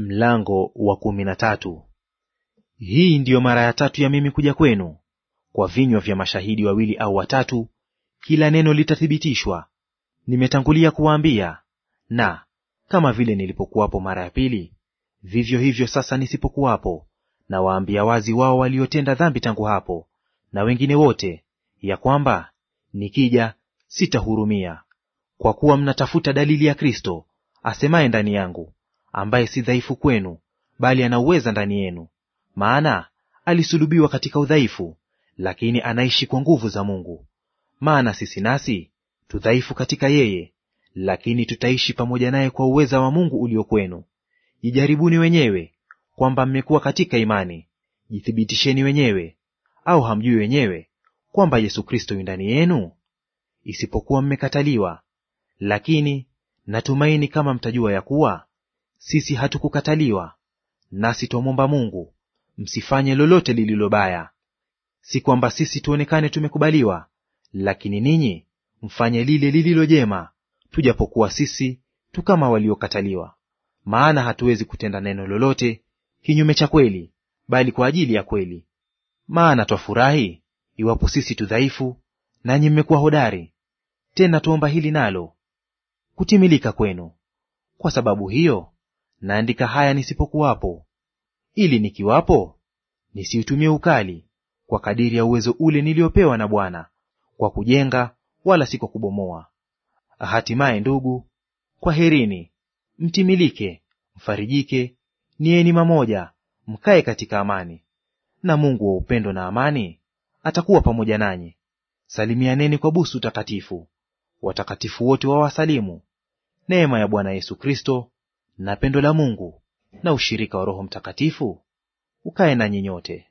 Mlango wa kumi na tatu. Hii ndiyo mara ya tatu ya mimi kuja kwenu; kwa vinywa vya mashahidi wawili au watatu kila neno litathibitishwa. Nimetangulia kuwaambia, na kama vile nilipokuwapo mara ya pili, vivyo hivyo sasa nisipokuwapo, nawaambia wazi wao waliotenda dhambi tangu hapo na wengine wote, ya kwamba nikija sitahurumia. Kwa kuwa mnatafuta dalili ya Kristo asemaye ndani yangu ambaye si dhaifu kwenu, bali anauweza ndani yenu. Maana alisulubiwa katika udhaifu, lakini anaishi kwa nguvu za Mungu. Maana sisi nasi tudhaifu katika yeye, lakini tutaishi pamoja naye kwa uweza wa Mungu ulio kwenu. Jijaribuni wenyewe kwamba mmekuwa katika imani; jithibitisheni wenyewe. Au hamjui wenyewe kwamba Yesu Kristo yu ndani yenu? Isipokuwa mmekataliwa; lakini natumaini kama mtajua ya kuwa sisi hatukukataliwa; nasi twamwomba Mungu, msifanye lolote lililobaya Si kwamba sisi tuonekane tumekubaliwa, lakini ninyi mfanye lile lililo jema, tujapokuwa sisi tu kama waliokataliwa. Maana hatuwezi kutenda neno lolote kinyume cha kweli, bali kwa ajili ya kweli. Maana twafurahi iwapo sisi tu dhaifu, nanyi mmekuwa hodari. Tena tuomba hili nalo, kutimilika kwenu. Kwa sababu hiyo naandika haya nisipokuwapo, ili nikiwapo nisiutumie ukali kwa kadiri ya uwezo ule niliopewa na Bwana, kwa kujenga wala si kwa kubomoa. Hatimaye ndugu, kwa herini, mtimilike, mfarijike, nieni mamoja, mkae katika amani. Na Mungu wa upendo na amani atakuwa pamoja nanyi. Salimianeni kwa busu takatifu. Watakatifu wote wawasalimu. Neema ya Bwana Yesu Kristo na pendo la Mungu na ushirika wa Roho Mtakatifu ukae na nyinyote